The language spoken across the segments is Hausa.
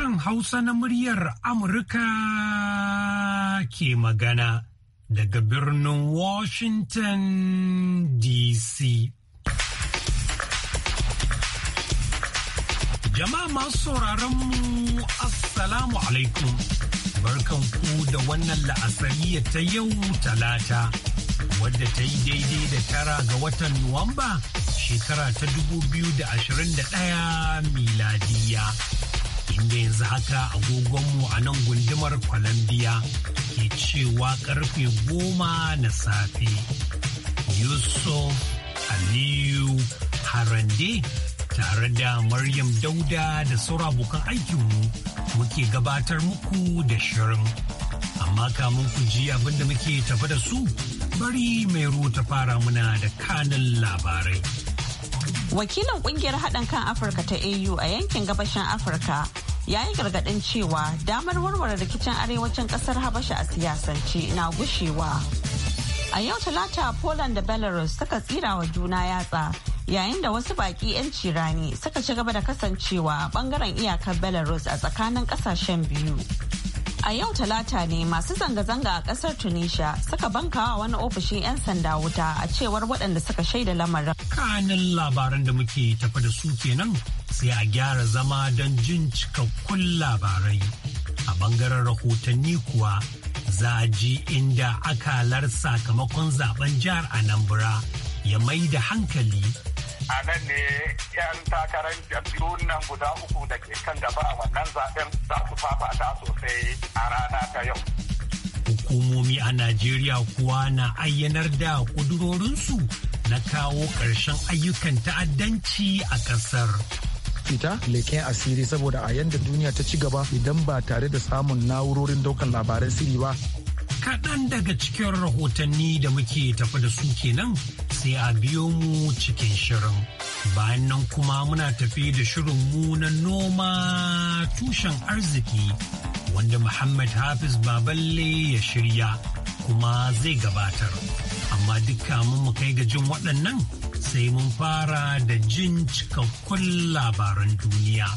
sashen Hausa na muryar Amurka ke magana daga birnin Washington DC. Jama'a masu sauraron mu Assalamu alaikum. Barkan ku da wannan la'asariya ta yau talata, wadda ta yi daidai da tara ga watan Nuwamba shekara ta 2021 miladiya. inda yanzu haka agogonmu a nan gundumar Colombia ke cewa karfe goma na safe. Yusuf Aliyu Harande tare da Maryam Dauda da sauran abokan aikinmu muke gabatar muku da shirin. Amma kamun ku ji muke tafi da su bari mai ta fara muna da kanin labarai. Wakilin kungiyar haɗin kan Afirka ta AU a yankin gabashin Afirka ya yi gargaɗin cewa damar warware rikicin arewacin kasar habasha a siyasance na gushewa a yau talata poland da belarus suka tsira wa juna yatsa yayin da wasu baƙi 'yan cirani suka ci gaba da kasancewa a ɓangaren iyakar belarus a tsakanin ƙasashen biyu A yau talata ne masu zanga-zanga a kasar Tunisia suka bankawa wani ofishin 'yan sanda wuta a cewar waɗanda suka shaida lamarin. Kanin labaran da muke tafa da su kenan sai a gyara zama don jin cikakkun labarai. A bangaren rahotanni kuwa za ji inda akalar sakamakon zaben jihar Anambra ya mai da hankali a nan ne 'yan takarar jam'iyyun nan guda uku da ke kan gaba a wannan zaben za su fafata sosai a rana ta yau. Hukumomi a Najeriya kuwa na ayyanar da kudurorinsu na kawo ƙarshen ayyukan ta'addanci a ƙasar. fita leken asiri saboda a yanda duniya ta ci gaba idan ba tare da samun na'urorin daukan labaran sirri ba kaɗan daga cikin rahotanni da muke tafi da su kenan sai a biyo mu cikin shirin. Bayan nan kuma muna tafi da shirin mu na noma tushen arziki wanda Muhammad Hafiz Baballe ya shirya kuma zai gabatar. Amma dukka mun mu kai ga jin waɗannan sai mun fara da jin cikakkun labaran duniya.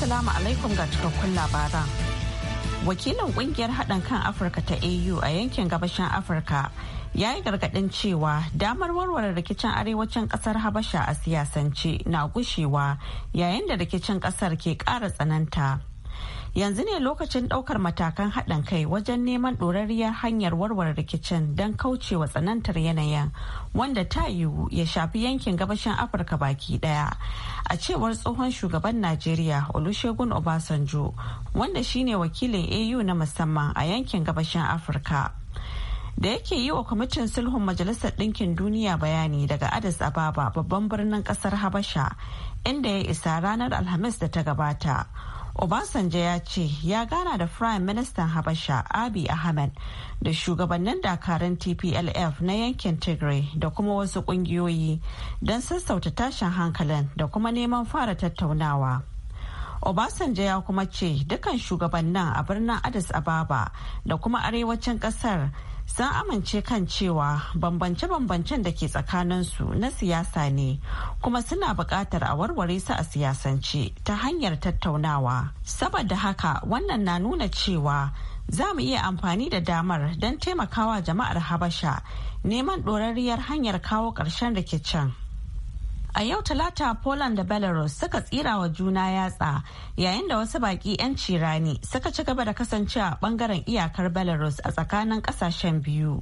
Assalamu alaikum ga cikakkun labaran. Wakilin kungiyar haɗin kan Afirka ta AU a yankin gabashin Afirka ya yi gargaɗin cewa damar warware rikicin arewacin ƙasar Habasha a siyasance na gushewa yayin da rikicin ƙasar ke ƙara tsananta. yanzu ne lokacin ɗaukar matakan haɗin kai wajen neman ɗorarriyar hanyar warware rikicin don kaucewa tsanantar yanayin wanda ta yiwu ya shafi yankin gabashin afirka baki ɗaya a cewar tsohon shugaban najeriya olusegun obasanjo wanda shine wakilin au na musamman a yankin gabashin afirka da yake yi wa kwamitin sulhun majalisar ɗinkin duniya bayani daga addis ababa babban birnin ƙasar habasha inda ya isa ranar alhamis da ta gabata Obasanjo ya ce ya gana da Prime Minister Habasha Abiy Ahmed da shugabannin dakarun TPLF na yankin Tigray da kuma wasu kungiyoyi don sassauta tashin hankalin da kuma neman fara tattaunawa. Obasanjo ya kuma ce dukkan shugabannin a birnin Addis Ababa da kuma arewacin kasar sun amince kan cewa bambance-bambancen da ke tsakanin su na siyasa ne kuma suna buƙatar a warware su a siyasance ta hanyar tattaunawa. Saboda haka wannan na nuna cewa za mu iya amfani da damar don taimakawa jama'ar Habasha neman ɗorarriyar hanyar kawo ƙarshen rikicin. A yau talata Poland da Belarus suka tsira wa juna yatsa yayin da wasu baki 'yan cirani suka ci gaba da kasancewa bangaren iyakar Belarus a tsakanin kasashen biyu.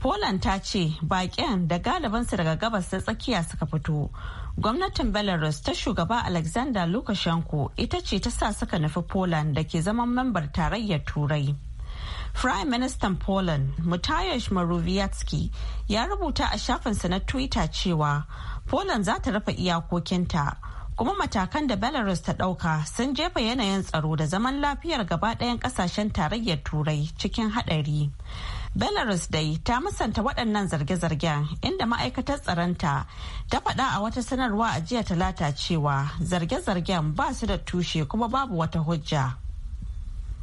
Poland ta ce baƙin da galibansu daga gabas ta tsakiya suka fito. Gwamnatin Belarus ta shugaba Alexander Lukashenko ita ce ta sa suka nufi Poland da ke zaman mambar tarayyar Turai. Prime Minister Poland mutayosh maruviatski ya rubuta a shafinsa na Twitter cewa Poland za ta rufe iyakokinta. kuma matakan da belarus ta ɗauka sun jefa yanayin tsaro da zaman lafiyar gaba ɗayan ƙasashen tarayyar turai cikin haɗari belarus dai ta musanta waɗannan zarge-zargen inda ma'aikatar tsaronta ta faɗa a wata sanarwa a jiya talata cewa zarge-zargen ba su da tushe kuma babu wata hujja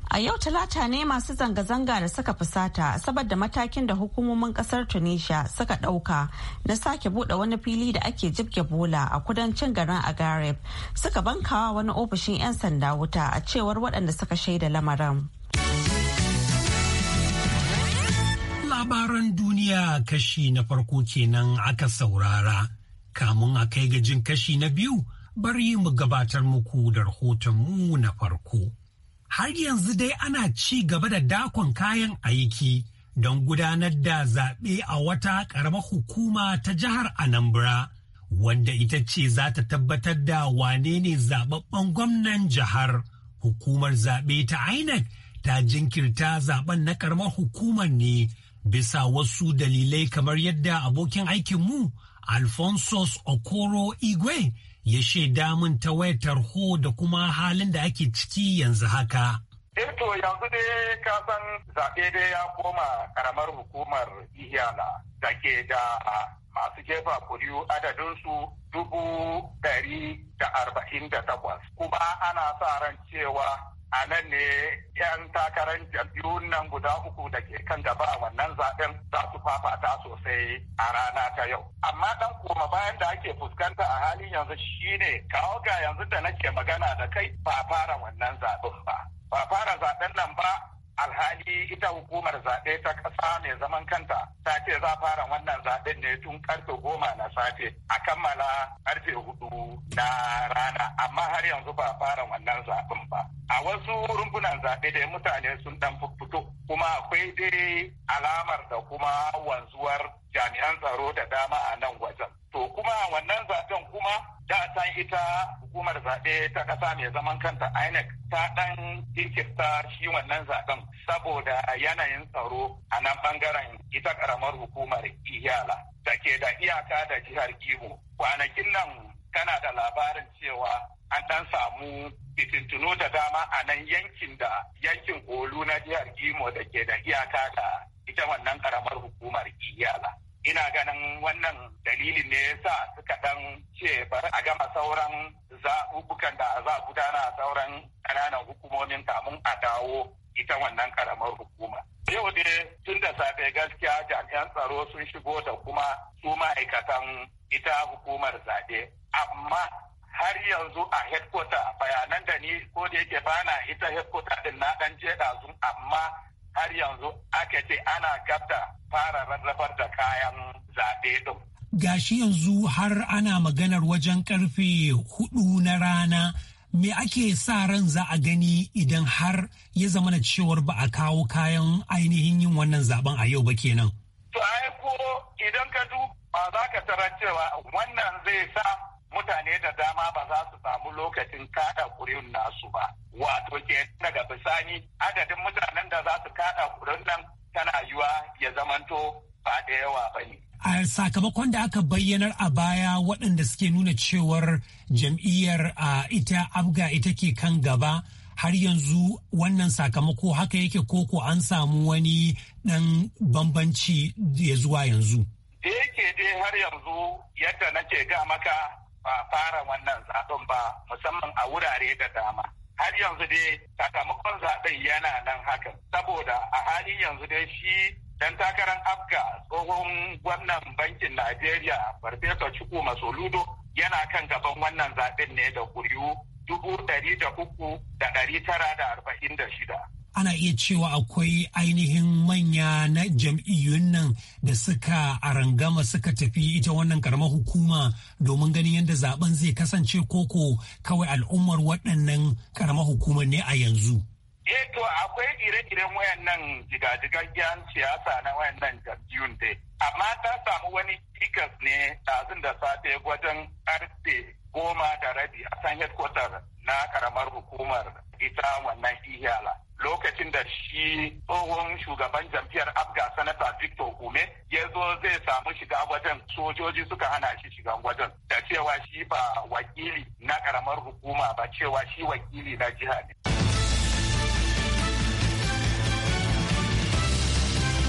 A yau talata ne masu zanga-zanga da suka fusata saboda matakin da hukumomin kasar Tunisia suka ɗauka na sake buɗe wani fili da ake jibge bola a kudancin garin Agareb suka bankawa wani ofishin 'yan sanda wuta a cewar waɗanda suka shaida lamarin. Labaran duniya kashi na farko kenan aka saurara, kamun a kai gajin kashi na biyu bari mu gabatar muku da rahoton mu na farko. har yanzu dai ana ci gaba da dakon kayan aiki don gudanar da zaɓe a wata ƙaramar hukuma ta jihar Anambra, wanda ita ce za ta tabbatar da wane ne zaɓaɓɓen gwamnan jihar. Hukumar zaɓe ta INEC ta jinkirta zaɓen na ƙaramar hukumar ne bisa wasu dalilai kamar yadda abokin aikinmu Alphonsus Okoro Igwe ya shaida min ta wayar tarho da kuma halin da ake ciki yanzu haka. Eto eh yanzu dai ka san zaɓe dai ya koma karamar hukumar Ihiyala da ke da masu jefa kuriyu adadinsu dubu ɗari da arba'in da takwas. Kuma ana sa ran cewa a nan ne 'yan takarar jam'iyyun nan guda uku da ke kan gaba a wannan zaɓen za su fafata sosai a rana ta yau. Amma ɗan koma bayan da ake fuskanta a halin yanzu shine kawo ga yanzu da nake magana da kai ba fara wannan zaɓen ba. Ba fara zaɓen nan ba alhali ita hukumar zaɓe ta ƙasa mai zaman kanta ta ce za fara wannan zaɓen ne tun karfe goma na safe a kammala karfe hudu na rana amma har yanzu ba fara wannan zaɓen ba a wasu rumfunan zaɓe dai, mutane sun dan fito kuma akwai dai alamar da kuma wanzuwar jami'an tsaro da dama a nan wajen. To kuma wannan zaben kuma da san ita hukumar zaɓe ta ƙasa mai zaman kanta INEC ta ɗan jinkirta shi wannan zaɓen saboda yanayin tsaro a nan ɓangaren ita ƙaramar hukumar Iyala da ke da iyaka da jihar gimo. Kwanakin nan tana da labarin cewa an ɗan samu fitintunu da dama a nan yankin da yankin Olu na jihar Imo da ke da iyaka da ita wannan ƙaramar hukumar Iyala. ina ganin wannan dalilin ne yasa suka dan ce bari a gama sauran zaɓuɓɓukan da za a gudana a sauran ƙananan hukumomin kamun a dawo ita wannan ƙaramar hukuma. Yau dai tun da safe gaskiya jami'an tsaro sun shigo da kuma su ma'aikatan ita hukumar zaɓe. Amma har yanzu a headquarter bayanan da ni ko da yake bana ita headquarter din na ɗan je ɗazu amma har yanzu aka ce ana gabta fara rarrabar da kayan zaɓe ɗin. Gashi yanzu har ana maganar wajen karfe hudu na rana me ake sa ran za a gani idan har ya zama na cewar ba a kawo kayan ainihin yin wannan zaben a yau ba kenan. To ai ko idan ka duba za ka tarar cewa wannan zai sa mutane da dama ba za su samu lokacin kada kurin nasu ba wato ke daga bisani adadin mutanen da za su kada kurin nan tana yiwa ya zamanto ba da yawa ba ne a sakamakon da aka bayyanar a baya waɗanda suke nuna cewar jam'iyyar a ita abga ita ke kan gaba har yanzu wannan sakamako haka yake koko an samu wani ɗan bambanci ya zuwa yanzu. Da yake dai har yanzu yadda nake ga maka ba a fara wannan zaben ba musamman a wurare da dama har yanzu dai sakamakon zaben yana nan haka saboda a halin yanzu dai shi dan takarar afga tsohon gwamnan bankin najeriya farfesa Chukwu masoludo yana kan gaban wannan zaben ne da kuri'u dubu ɗari da uku da ɗari tara da arba'in da shida ana iya cewa akwai ainihin manya na jam'iyyun nan da suka arangama suka tafi ita wannan karamar hukuma domin ganin yadda zaben zai kasance koko kawai al'ummar waɗannan karamar hukuma ne a yanzu. Eh to akwai ire-iren wayannan jigajigan siyasa na nan jam'iyyun dai. Amma ta samu wani cikas ne ɗazun da safe wajen karfe goma da rabi a san headquarter na karamar hukumar ita wannan ihiyala. lokacin da shi tsohon shugaban jam'iyyar afga sanata victor ume ya zo zai samu shiga wajen sojoji suka hana shi shiga wajen da cewa shi ba wakili na karamar hukuma ba cewa shi wakili na jiha ne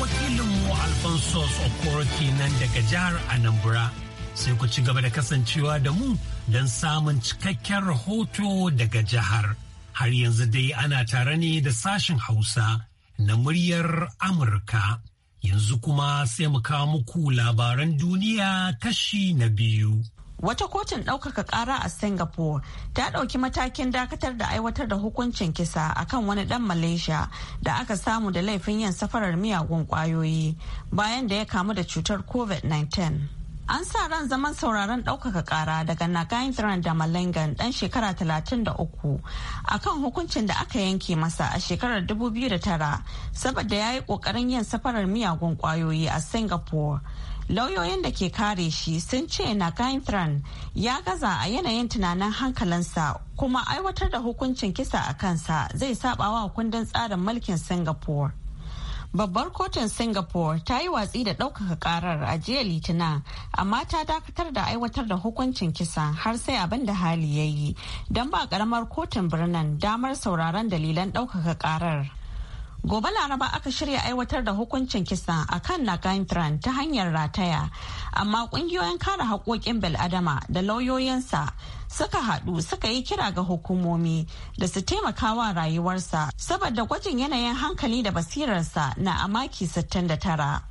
wakilinmu alfonso okoro kenan daga jihar anambra sai ku ci gaba da kasancewa da mu don samun cikakken rahoto daga jihar. har yanzu dai ana tare ne da sashen Hausa na muryar Amurka. Yanzu kuma sai mu kawo muku labaran duniya kashi na biyu. Wata kotun ɗaukaka ƙara a Singapore ta ɗauki matakin dakatar da aiwatar da hukuncin kisa akan wani ɗan Malaysia da aka samu da laifin yin safarar miyagun ƙwayoyi bayan da ya kamu da cutar COVID-19. An sa ran zaman sauraron ɗaukaka kara daga Nagaindran da Malangan ɗan shekara 33 akan hukuncin da aka yanke masa a shekarar 2009 saboda ya yi ƙoƙarin yin safarar miyagun ƙwayoyi a Singapore. Lauyoyin da ke kare shi sun ce Nagaindran ya gaza a yanayin tunanin hankalinsa kuma aiwatar da hukuncin kisa a kansa zai saɓawa kundin tsarin mulkin Singapore. babbar kotun singapore ta yi watsi da ɗaukaka karar a jiya litinin amma ta dakatar da aiwatar da hukuncin kisa har sai abin da hali ya yi don ba ƙaramar kotun birnin damar sauraron dalilan ɗaukaka karar gobe laraba aka shirya aiwatar da hukuncin kisa a kan nagantran ta hanyar rataya amma ƙungiyoyin kare haƙoƙin bil'adama da lauyoyinsa suka haɗu suka yi kira ga hukumomi da su taimaka wa rayuwarsa saboda gwajin yanayin hankali da basirarsa na a maki 69.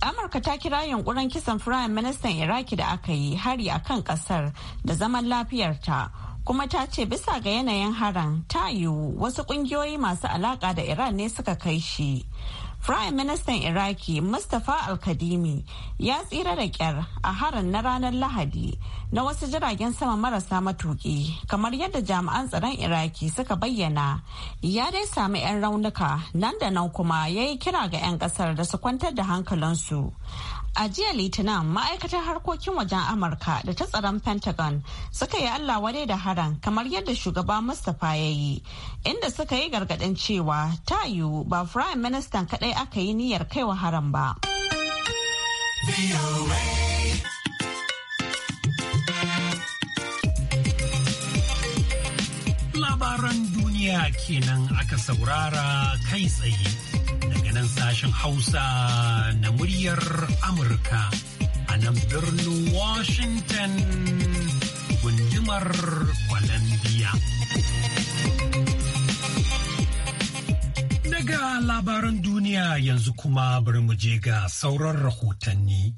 amurka ta kira yunkurin kisan firayim ministan iraki da aka yi hari a kan kasar da zaman lafiyarta kuma ta ce bisa ga yanayin haran ta yiwu wasu kungiyoyi masu alaka da iran ne suka kai shi Prime Ministan Iraki Mustapha Al-Kadimi ya tsira da kyar a harin na ranar Lahadi na wasu jiragen sama marasa matuki kamar yadda jami'an tsaron Iraki suka bayyana ya dai sami 'yan raunuka nan da nan kuma ya yi kira ga 'yan kasar da su kwantar da hankalinsu. A jiya Litinin ma'aikatar harkokin wajen Amurka da ta tsaron Pentagon suka yi Allah wadai da haran kamar yadda shugaba Mustapha ya yi, inda suka yi gargaɗin cewa ta yiwu ba Firayim Ministan kaɗai aka yi niyyar kai wa haran ba. Labaran duniya kenan aka saurara kai tsaye. nan sashen Hausa na muryar Amurka a nan birnin Washington gundumar Columbia. Daga labaran duniya yanzu kuma bari mu je ga sauran rahotanni.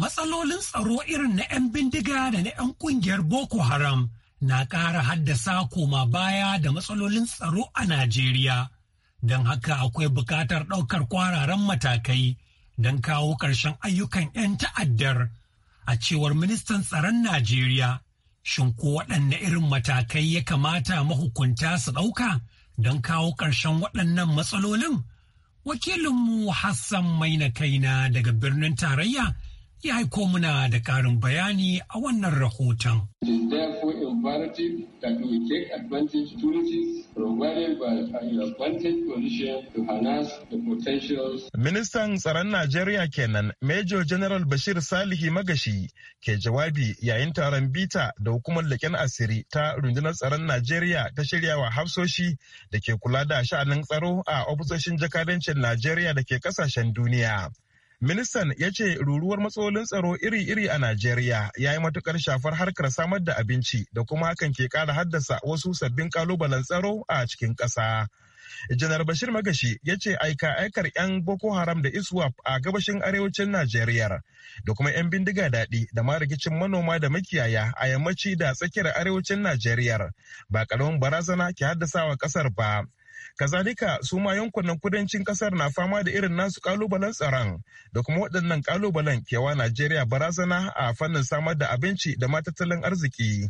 Matsalolin tsaro irin na 'yan bindiga da na 'yan kungiyar Boko Haram na ƙara haddasa koma baya da matsalolin tsaro a Najeriya. don haka akwai buƙatar ɗaukar kwararan matakai don kawo ƙarshen ayyukan 'yan ta'addar a cewar ministan tsaron Najeriya. Shin ko waɗanne irin matakai ya kamata mahukunta su ɗauka don kawo ƙarshen waɗannan matsalolin? Wakilinmu Hassan Maina Kaina daga birnin tarayya ya haiko muna da ƙarin bayani a wannan rahoton. Ministan tsaron Najeriya kenan Major General Bashir Salihi Magashi ke jawabi yayin taron bita da hukumar leƙen asiri ta rundunar tsaron Najeriya ta shirya wa hafsoshi da ke kula da sha'anin tsaro a ofisoshin jakadancin Najeriya da ke ƙasashen duniya. Ministan ya ce ruruwar matsalolin tsaro iri-iri a Najeriya ya yi matukar shafar harkar samar da abinci da kuma hakan ke kara haddasa wasu sabbin kalubalen tsaro a cikin ƙasa. Janar Bashir Magashi ya ce aika aikar 'yan Boko Haram da ISWAP a gabashin arewacin Najeriya da kuma 'yan bindiga daɗi da ma rikicin manoma da makiyaya a yammaci da tsakiyar arewacin Najeriya ba ƙaramin barazana ke wa ƙasar ba Kazalika su ma yankunan kudancin kasar na fama da irin nasu kalubalen tsaron da kuma waɗannan kalubalen kewa Najeriya barazana a fannin samar da abinci da ma tattalin arziki.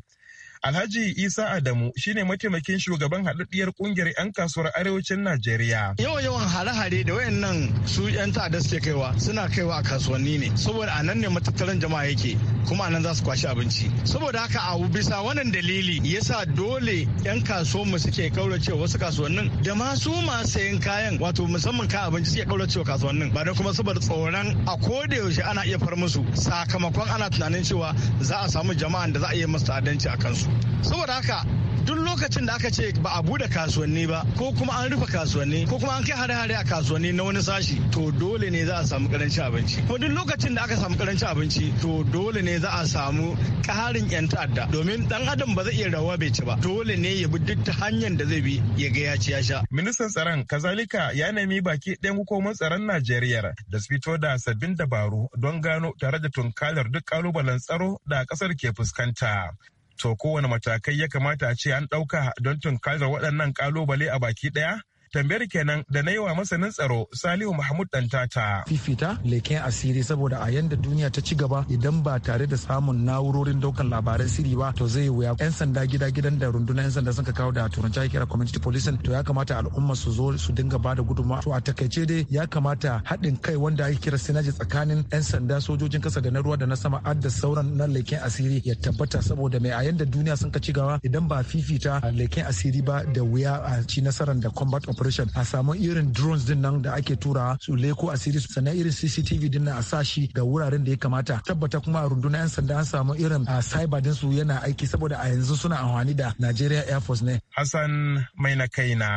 Alhaji Isa Adamu shine mataimakin shugaban haɗaɗɗiyar kungiyar 'yan kasuwar arewacin Najeriya. Yawan yawan hare-hare da wayannan su 'yan ta'adda suke kaiwa suna kaiwa a kasuwanni ne saboda a nan ne matattaran jama'a yake kuma a nan za su kwashi abinci. Saboda haka a bisa wannan dalili yasa dole 'yan mu suke kaurace wasu kasuwannin da ma su masu sayan kayan wato musamman kayan abinci suke kaurace kasuwannin ba da kuma saboda tsoron a koda yaushe ana iya far musu sakamakon ana tunanin cewa za a samu jama'an da za a iya masu ta'addanci a kansu. saboda haka duk lokacin da aka ce ba a bude kasuwanni ba ko kuma an rufe kasuwanni ko kuma an kai hare-hare a kasuwanni na wani sashi to dole ne za a samu karancin abinci ko duk lokacin da aka samu karancin abinci to dole ne za a samu karin yan ta'adda domin dan adam ba zai iya rawa bai ci ba dole ne ya bi duk hanyar da zai bi ya ga ya ci ya sha ministan tsaron kazalika ya nemi baki ɗayan hukumar tsaron najeriya da su fito da sabbin dabaru don gano tare da tunkalar duk kalubalen tsaro da kasar ke fuskanta To kowane matakai ya kamata a ce an ɗauka don tunkarar waɗannan ƙalubale a baki ɗaya? tambayar kenan da na yi wa masanin tsaro salihu mahmud dantata fifita leken asiri saboda a yanda duniya ta ci gaba idan ba tare da samun na'urorin daukan labaran sirri ba to zai wuya yan sanda gida gidan da runduna yan sanda suka kawo da turanci ake kira community policing to ya kamata al'umma su zo su dinga bada gudunmawa to a takaice dai ya kamata haɗin kai wanda ake kira sinaji tsakanin yan sanda sojojin kasa da na ruwa da na sama adda sauran na leken asiri ya tabbata saboda mai a yanda duniya sun ka ci gaba idan ba fifita leken asiri ba da wuya a ci nasarar da combat operation operation a samu irin drones din nan da ake tura su leko asiri sannan irin cctv din nan a sashi ga wuraren da ya kamata tabbata kuma a runduna yan sanda an samu irin a cyber din su yana aiki saboda a yanzu suna amfani da nigeria air force ne hassan mai na kai na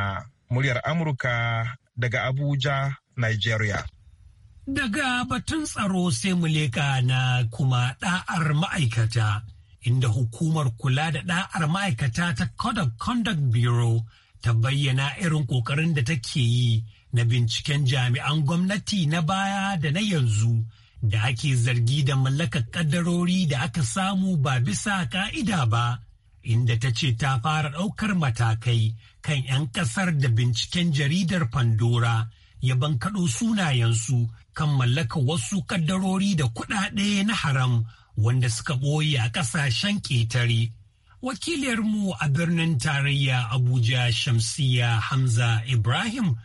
muryar amurka daga abuja nigeria Daga batun tsaro sai mu leka na kuma ɗa'ar ma'aikata, inda hukumar kula da ɗa'ar ma'aikata ta Code of Conduct Bureau ta bayyana irin ƙoƙarin da take yi na binciken jami'an gwamnati na baya da na yanzu da ake zargi da mallakar ƙaddarori da aka samu ba bisa ka'ida ba, inda ta ce ta fara ɗaukar matakai kan 'yan ƙasar da binciken jaridar Pandora ya bankaɗo sunayensu kan mallakar wasu ƙaddarori da kuɗaɗe na haram wanda suka ɓoye a ƙasashen ƙetare. wakiliyarmu a birnin tarayya Abuja Shamsiya Hamza Ibrahim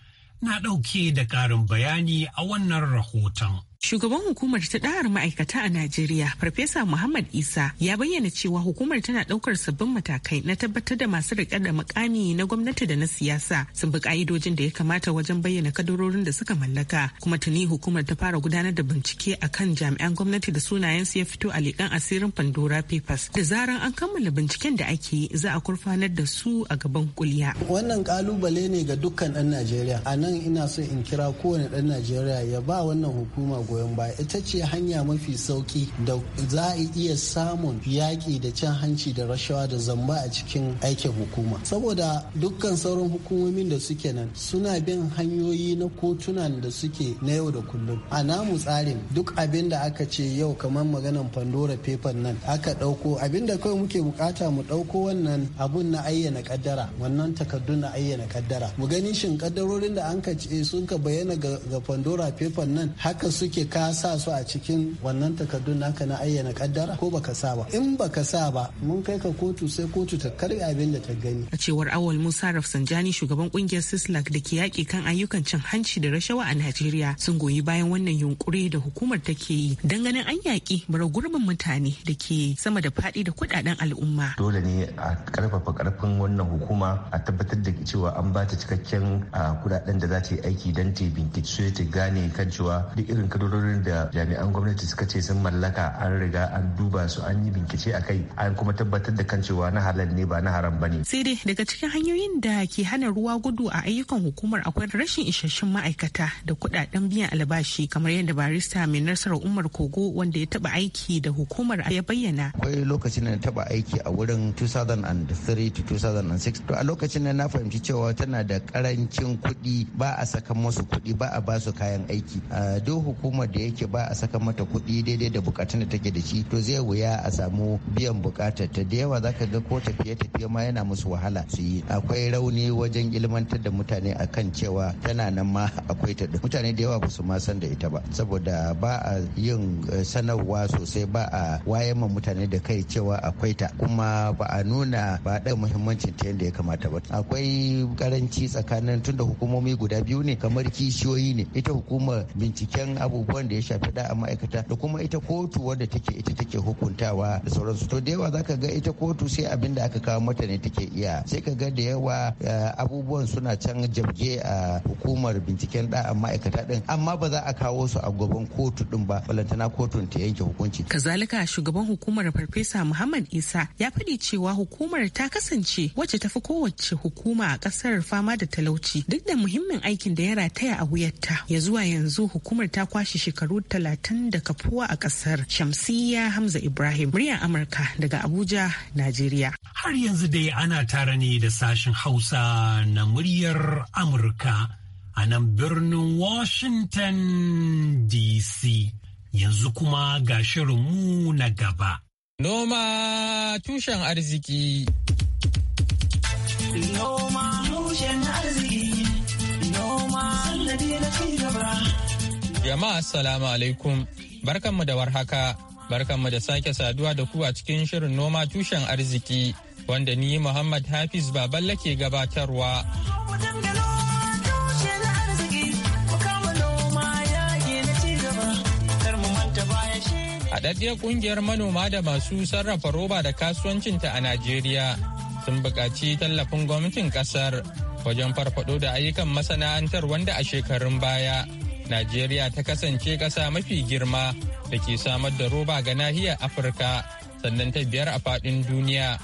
na ɗauke da ƙarin bayani a wannan rahoton. Shugaban hukumar ta ɗahar ma'aikata a Najeriya, Farfesa Muhammad Isa, ya bayyana cewa hukumar tana ɗaukar sabbin matakai na tabbatar da masu riƙe da makami na gwamnati da na siyasa sun bi ƙa'idojin da ya kamata wajen bayyana kadarorin da suka mallaka. Kuma tuni hukumar ta fara gudanar da bincike a kan jami'an gwamnati da sunayen su ya fito a liƙan asirin Pandora Papers. Da zaran an kammala binciken da ake yi, za a kurfanar da su a gaban kuliya. Wannan ƙalubale ne ga dukkan ɗan Najeriya. A nan ina so in kira kowane ɗan Najeriya ya ba wannan hukuma goyon baya ita ce hanya mafi sauki da za a iya samun yaƙi da cin hanci da rashawa da zamba a cikin aikin hukuma saboda dukkan sauran hukumomin da suke nan suna bin hanyoyi na kotunan da suke na yau da kullum a namu tsarin duk abin da aka ce yau kamar maganan pandora paper nan aka ɗauko abin da kawai muke bukata mu ɗauko wannan abun na ayyana kaddara wannan takardun na ayyana kaddara mu gani shin kaddarorin da an ka ce sun ka bayyana ga pandora paper nan haka suke ka sa su a cikin wannan takardun naka na ayyana kaddara ko baka sa ba in baka sa ba mun kai ka kotu sai kotu ta karbi abin da ta gani a cewar awal musa rafsanjani shugaban kungiyar sislak da ke yaƙi kan ayyukan cin hanci da rashawa a najeriya sun goyi bayan wannan yunkuri da hukumar take yi dan ganin an yaƙi bara gurbin mutane da ke sama da faɗi da kuɗaɗen al'umma dole ne a karfafa karfin wannan hukuma a tabbatar da cewa an ba ta cikakken ah, kuɗaɗen da za ta yi aiki dan ta bincike ta gane kan cewa duk irin kadarorin da jami'an gwamnati suka ce sun mallaka an riga an duba su an yi bincike a kai an kuma tabbatar da kan cewa na halal ne ba na haram ba ne. sai dai daga cikin hanyoyin da ke hana ruwa gudu a ayyukan hukumar akwai rashin isasshen ma'aikata da kudaden biyan albashi kamar yadda barista mai nasarar umar kogo wanda ya taba aiki da hukumar ya bayyana. akwai lokacin da na taba aiki a wurin 2003 to 2006 to a lokacin da na fahimci cewa tana da karancin kuɗi ba a saka masu kuɗi ba a ba kayan aiki. duk hukumar da yake ba a saka mata kuɗi daidai da bukatun da take da shi to zai wuya a samu biyan bukatar ta da yawa zaka ga ko tafiye-tafiye ma yana musu wahala su yi akwai rauni wajen ilmantar da mutane akan cewa tana nan ma akwai ta mutane da yawa ba su ma san da ita ba saboda ba a yin eh, sanarwa sosai ba a wayan ma mutane da kai cewa akwai ta kuma ba a nuna ba da muhimmancin ta yadda ya kamata ba akwai karanci tsakanin tunda hukumomi guda biyu ne kamar kishiyoyi ne ita hukumar binciken abu. abubuwan da ya shafi da a ma'aikata da kuma ita kotu wadda take ita take hukuntawa da sauransu to da yawa zaka ga ita kotu sai abin da aka kawo mata ne take iya sai ka ga da yawa eh, abubuwan suna can jabge a hukumar binciken da a ma'aikata din amma ba za a kawo su a gaban kotu din ba balantana kotun ta yanke hukunci kazalika shugaban hukumar farfesa muhammad isa ya faɗi cewa hukumar ta kasance wacce ta fi kowace hukuma a ƙasar fama da talauci duk da muhimmin aikin da ya rataya a wuyarta ya zuwa yanzu hukumar ta kwashe shi shekaru talatin da kafuwa a kasar Shamsiyya Hamza Ibrahim muryar Amurka daga Abuja, Najeriya. Har yanzu dai ana tare ne da sashen Hausa na muryar Amurka a nan birnin Washington DC. Yanzu kuma ga shirinmu na gaba. Noma tushen arziki. Noma tushen arziki. Noma sannadi na ci gaba. Jama'a assalamu alaikum barkanmu da warhaka barkanmu da sake saduwa da ku a cikin shirin noma tushen arziki wanda ni Muhammad Hafiz Baballa ke gabatarwa. Haɗaɗɗiyar ƙungiyar manoma da masu sarrafa roba da kasuwancinta a Najeriya sun buƙaci tallafin gwamnatin ƙasar wajen farfaɗo da ayyukan masana'antar wanda a shekarun baya Najeriya ta kasance ƙasa mafi girma da ke samar da roba ga nahiyar Afirka sannan ta biyar a faɗin duniya.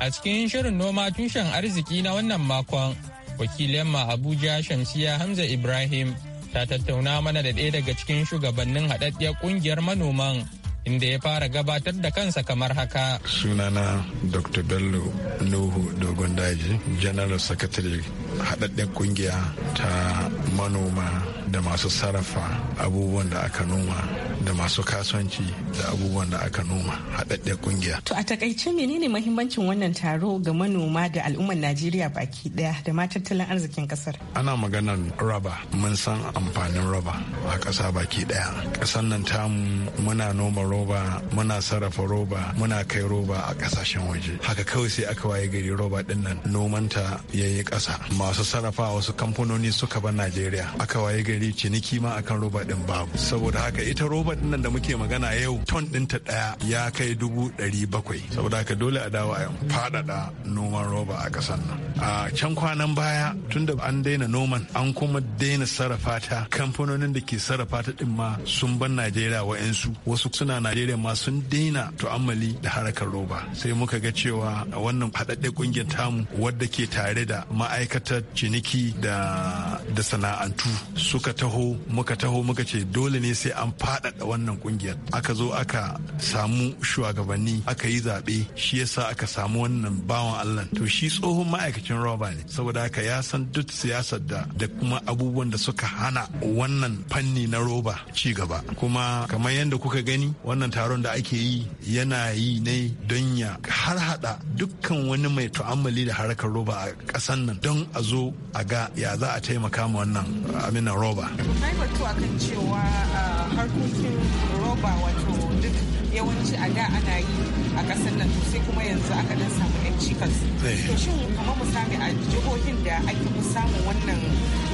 A cikin shirin noma tushen arziki na wannan makon, wakilin ma Abuja Shamsiya Hamza Ibrahim ta tattauna mana da ɗaya daga cikin shugabannin haɗaɗɗiyar ƙungiyar manoman inda ya fara gabatar da kansa kamar haka. Sunana Dr. Bello Nuhu Dogon Daji, General Secretary haɗaɗɗen ƙungiya ta manoma da masu sarrafa abubuwan da aka noma da masu kasuwanci da abubuwan da aka noma haɗaɗɗe ƙungiya. To a takaice menene mahimmancin wannan taro ga manoma da al'ummar Najeriya baki ɗaya da ma tattalin arzikin ƙasar? Ana maganar raba mun san amfanin raba a ƙasa baki ɗaya. Ƙasar nan tamu muna noma roba muna sarrafa roba muna kai roba a ƙasashen waje. Haka kawai sai aka waye gari roba ɗin nan nomanta ya yi ƙasa. Masu sarrafa wasu kamfanoni suka bar Najeriya aka waye gari ne ciniki ma akan roba din babu saboda haka ita roba din nan da muke magana yau ton ɗinta ɗaya ya kai dubu ɗari bakwai saboda haka dole a dawo a faɗaɗa noman roba a ƙasar nan a can kwanan baya tunda an daina noman an kuma daina sarrafa ta kamfanonin da ke sarrafa ta ɗin ma sun ban najeriya yansu wasu suna najeriya ma sun daina tu'ammali da harakar roba sai muka ga cewa wannan haɗaɗɗe kungiyar tamu wadda ke tare da ma'aikatar ciniki da da sana'antu suka muka taho muka taho muka ce dole ne sai an faɗaɗa wannan kungiyar aka zo aka samu shugabanni aka yi zaɓe shi yasa aka samu wannan bawan allah to shi tsohon ma'aikacin roba ne saboda haka ya san duk siyasar da da kuma abubuwan da suka hana wannan fanni na roba ci gaba kuma kamar yadda kuka gani wannan taron da ake yi yana yi ne don ya har hada dukkan wani mai tu'ammali da harkar roba a kasan nan don a zo a ga ya za a taimaka ma wannan amina roba roba. Na yi batu akan cewa ah, harkokin roba wato duk yawanci a da ana yi a ƙasar nan to sai kuma yanzu aka dan samu yan cikas. Eh. To shin kamar misali a jihohin da ake fi samun wannan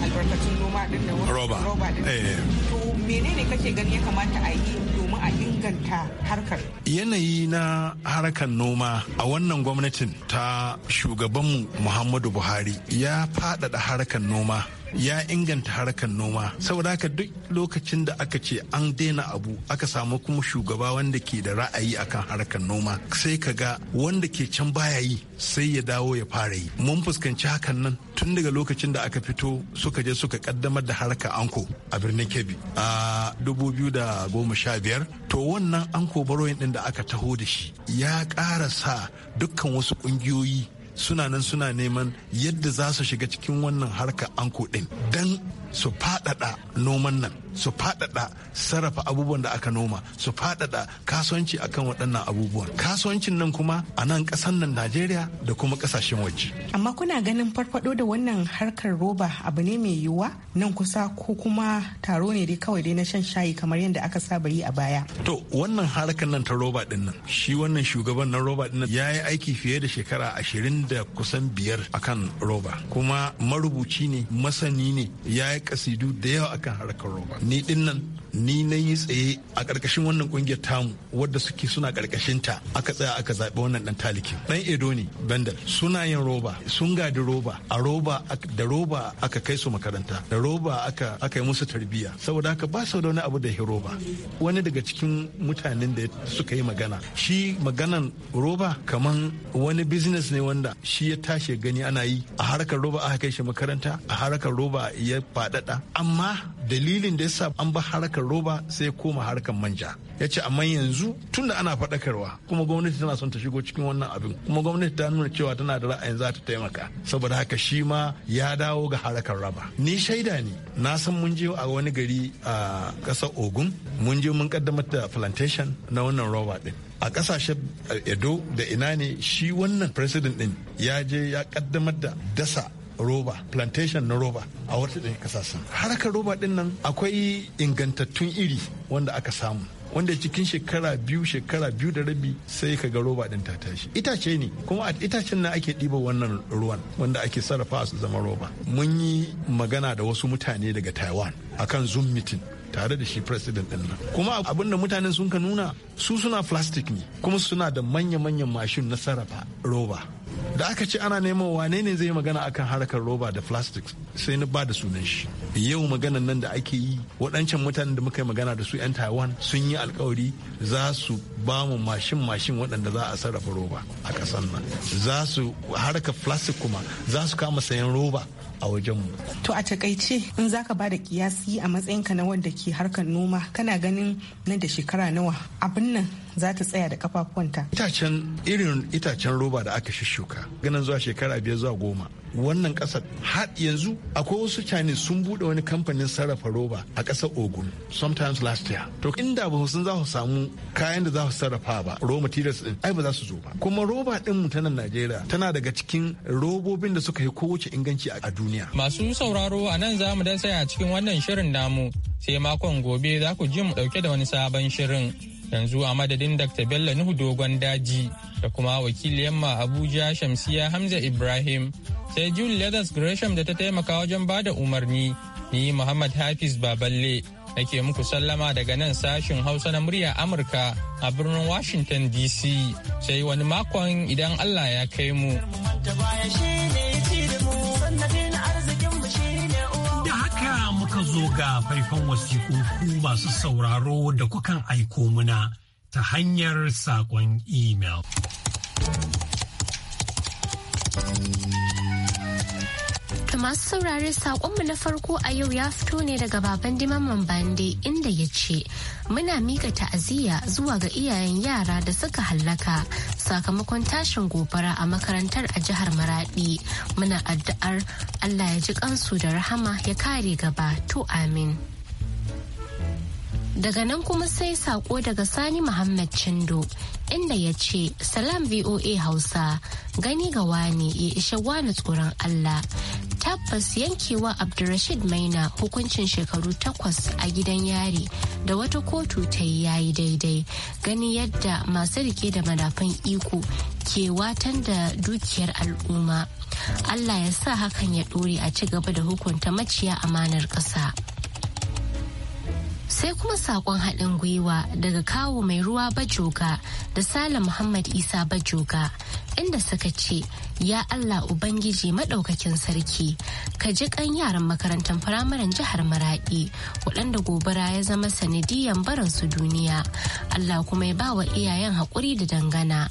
albarkatun noma din da roba din. Eh. To menene kake gani ya kamata a yi domin a inganta harkar? Yanayi na harkar noma a wannan gwamnatin ta shugabanmu Muhammadu Buhari ya faɗaɗa harkar noma ya inganta harkar noma saboda haka duk lokacin da aka ce an daina abu aka samu kuma shugaba wanda ke da ra'ayi akan harkar noma sai ka ga wanda ke can baya yi sai ya dawo ya fara yi mun fuskanci hakan nan tun daga lokacin da aka fito suka je suka kaddamar da harkar anko a birnin kebi a da goma sha biyar to wannan anko baroyin din da aka taho da shi ya ƙara sa dukkan wasu ƙungiyoyi suna nan suna neman yadda za su shiga cikin wannan harka anko din dan su faɗaɗa noman nan su faɗaɗa sarrafa abubuwan da aka noma su faɗaɗa kasuwanci akan waɗannan abubuwan kasuwancin nan kuma a nan ƙasar nan najeriya da kuma ƙasashen waje amma kuna ganin farfado da wannan harkar roba abu ne mai yiwuwa nan kusa ko kuma taro ne dai kawai dai na shan shayi kamar yadda aka saba yi a baya to wannan harkar nan ta roba din nan shi wannan shugaban na roba din nan ya yi aiki fiye da shekara ashirin da kusan biyar akan roba kuma marubuci ne masani ne ya kasidu da yawa akan harkar roba ni dinnan ni na yi tsaye a ƙarƙashin wannan ƙungiyar tamu wadda suke suna ƙarƙashin ta aka tsaya aka zaɓi wannan ɗan talikin. ɗan edo ne bendel suna yin roba sun gadi roba a roba da roba aka kai su makaranta da roba aka aka yi musu tarbiyya saboda haka ba su da wani abu da ya roba wani daga cikin mutanen da suka yi magana shi maganan roba kaman wani business ne wanda shi ya tashi gani ana yi a harkar roba aka kai shi makaranta a harkar roba ya faɗaɗa amma dalilin da yasa an ba harkar roba sai ya koma harkar manja ya ce amma yanzu tun ana faɗakarwa kuma gwamnati tana son ta shigo cikin wannan abin kuma gwamnati ta nuna cewa tana da ra'ayin za ta taimaka saboda haka shi ma ya dawo ga harkar raba ni shaida ne na san mun je a wani gari a ƙasar ogun mun je mun kaddamar da plantation na wannan roba din a ƙasashen edo da ina ne shi wannan president din ya je ya kaddamar da dasa roba plantation na roba a wata ɗin kasashen harkar roba ɗin nan akwai ingantattun iri wanda aka samu wanda cikin shekara biyu shekara biyu da rabi sai ka ga roba din ta tashi itace ne kuma a itacen na ake ɗiba wannan ruwan wanda ake sarrafa su zama roba mun yi magana da wasu mutane daga taiwan akan zoom meeting tare da shi president din nan kuma abin da mutanen sun ka nuna su suna plastic ne kuma suna da manya-manyan mashin na sarrafa roba da aka ce ana neman wane ne zai magana akan harkar roba da plastic sai na ba da sunan shi yau maganan nan da ake yi waɗancan mutanen da muka yi magana da su 'yan taiwan sun yi alkawari za su ba mu mashin mashin waɗanda za a sarrafa roba a ƙasar nan za su harkar plastic kuma za su kama sayan roba a wajen mu. To a takaice in za ka bada kiyasi a matsayinka na wanda ke harkar noma kana ganin nan da shekara nawa abin nan za ta tsaya da kafafuwanta. Itacen irin itacen roba da aka shishuka ganin zuwa shekara biyar zuwa goma. Wannan kasar har yanzu akwai wasu Chinese sun buɗe wani kamfanin sarrafa roba a ƙasar Ogun sometimes last year. To inda ba sun za su samu kayan da za su sarrafa ba raw materials din ai ba za su zo ba. Kuma roba ɗin mu ta Najeriya tana daga cikin robobin da suka yi kowace inganci a duniya. Masu sauraro a nan za mu dan saya cikin wannan shirin namu sai makon gobe za ku ji mu ɗauke da wani sabon shirin. yanzu a madadin dr bello nuhu dogon daji da kuma wakiliyar yamma abuja shamsiya hamza ibrahim sai june leathers gresham da ta taimaka wajen ba da umarni ni muhammad hafiz baballe nake muku sallama daga nan sashin hausa na murya amurka a birnin washington dc sai wani makon idan allah ya kai mu. zo ga faifan wasiƙu ku masu sauraro da kukan aiko muna ta hanyar saƙon imel. Da masu saurare saƙonmu na farko a yau ya fito ne daga baban dimaman bande inda ya ce muna mika ta'aziyya zuwa ga iyayen yara da suka hallaka sakamakon tashin gobara a makarantar a jihar Maradi. Muna addu'ar Allah ya ji kansu da rahama ya kare gaba to amin. Daga nan kuma sai sako daga Sani Muhammad Chindo inda ya ce Salam VOA Hausa gani ga wani ya ishe wani tsoron Allah tabbas yankewa abdulrashid maina hukuncin shekaru takwas a gidan yari da wata kotu ta yi yayi daidai gani yadda masu rike da madafan iko ke watan da dukiyar al'umma allah ya sa hakan ya ɗore a ci gaba da hukunta maciya amanar ƙasa. sai kuma sakon haɗin gwiwa daga kawo mai ruwa bajoga da sale muhammad isa bajoga inda suka ce ya Allah Ubangiji maɗaukakin sarki ka ji kan yaran makarantar firamaren jihar Maraɗi waɗanda gobara ya zama sanadiyan baransu duniya Allah kuma ya ba wa iyayen haƙuri da dangana.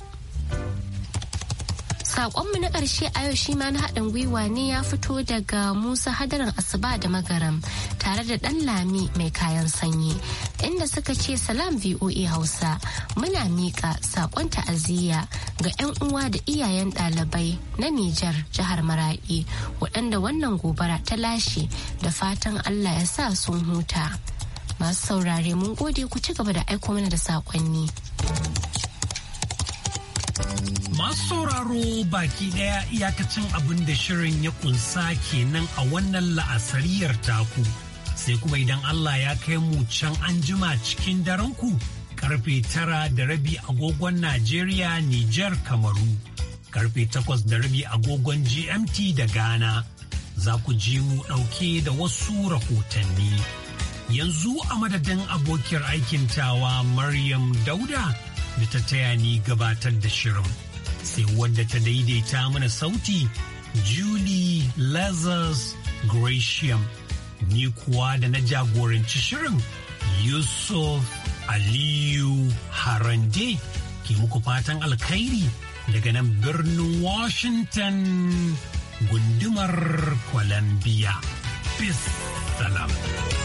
Sakonmu na ƙarshe a yau shi ma na haɗin gwiwa ne ya fito daga Musa Hadarin Asuba da Magaram tare da ɗan Lami mai kayan sanyi inda suka ce salam VOA Hausa muna miƙa sakon ta'aziyya ga 'yan uwa da iyayen ɗalibai na Nijar jihar Maraɗi waɗanda wannan gobara ta lashe da fatan Allah ya sa sun huta. Masu saurare mun gode ku ci gaba da aiko mana da saƙonni. Masu sauraro baki ɗaya iyakacin abin da shirin ya kunsa kenan a wannan la'asariyar taku. Sai kuma idan Allah ya kai mu can an jima cikin darenku karfe tara da rabi agogon Najeriya, Nijar, Kamaru. Karfe takwas da rabi agogon GMT da Ghana. Za ku ji mu ɗauke da wasu rahotanni. Yanzu a madadin abokiyar aikin tawa Maryam Dauda da ta taya ni gabatar da shirin. sai wanda ta daidaita mana sauti Julie Lazarus Gratiam. Ni kuwa da na jagoranci shirin Yusuf Aliyu Harande ke muku fatan alkhairi daga nan birnin Washington gundumar Columbia. Peace, salam.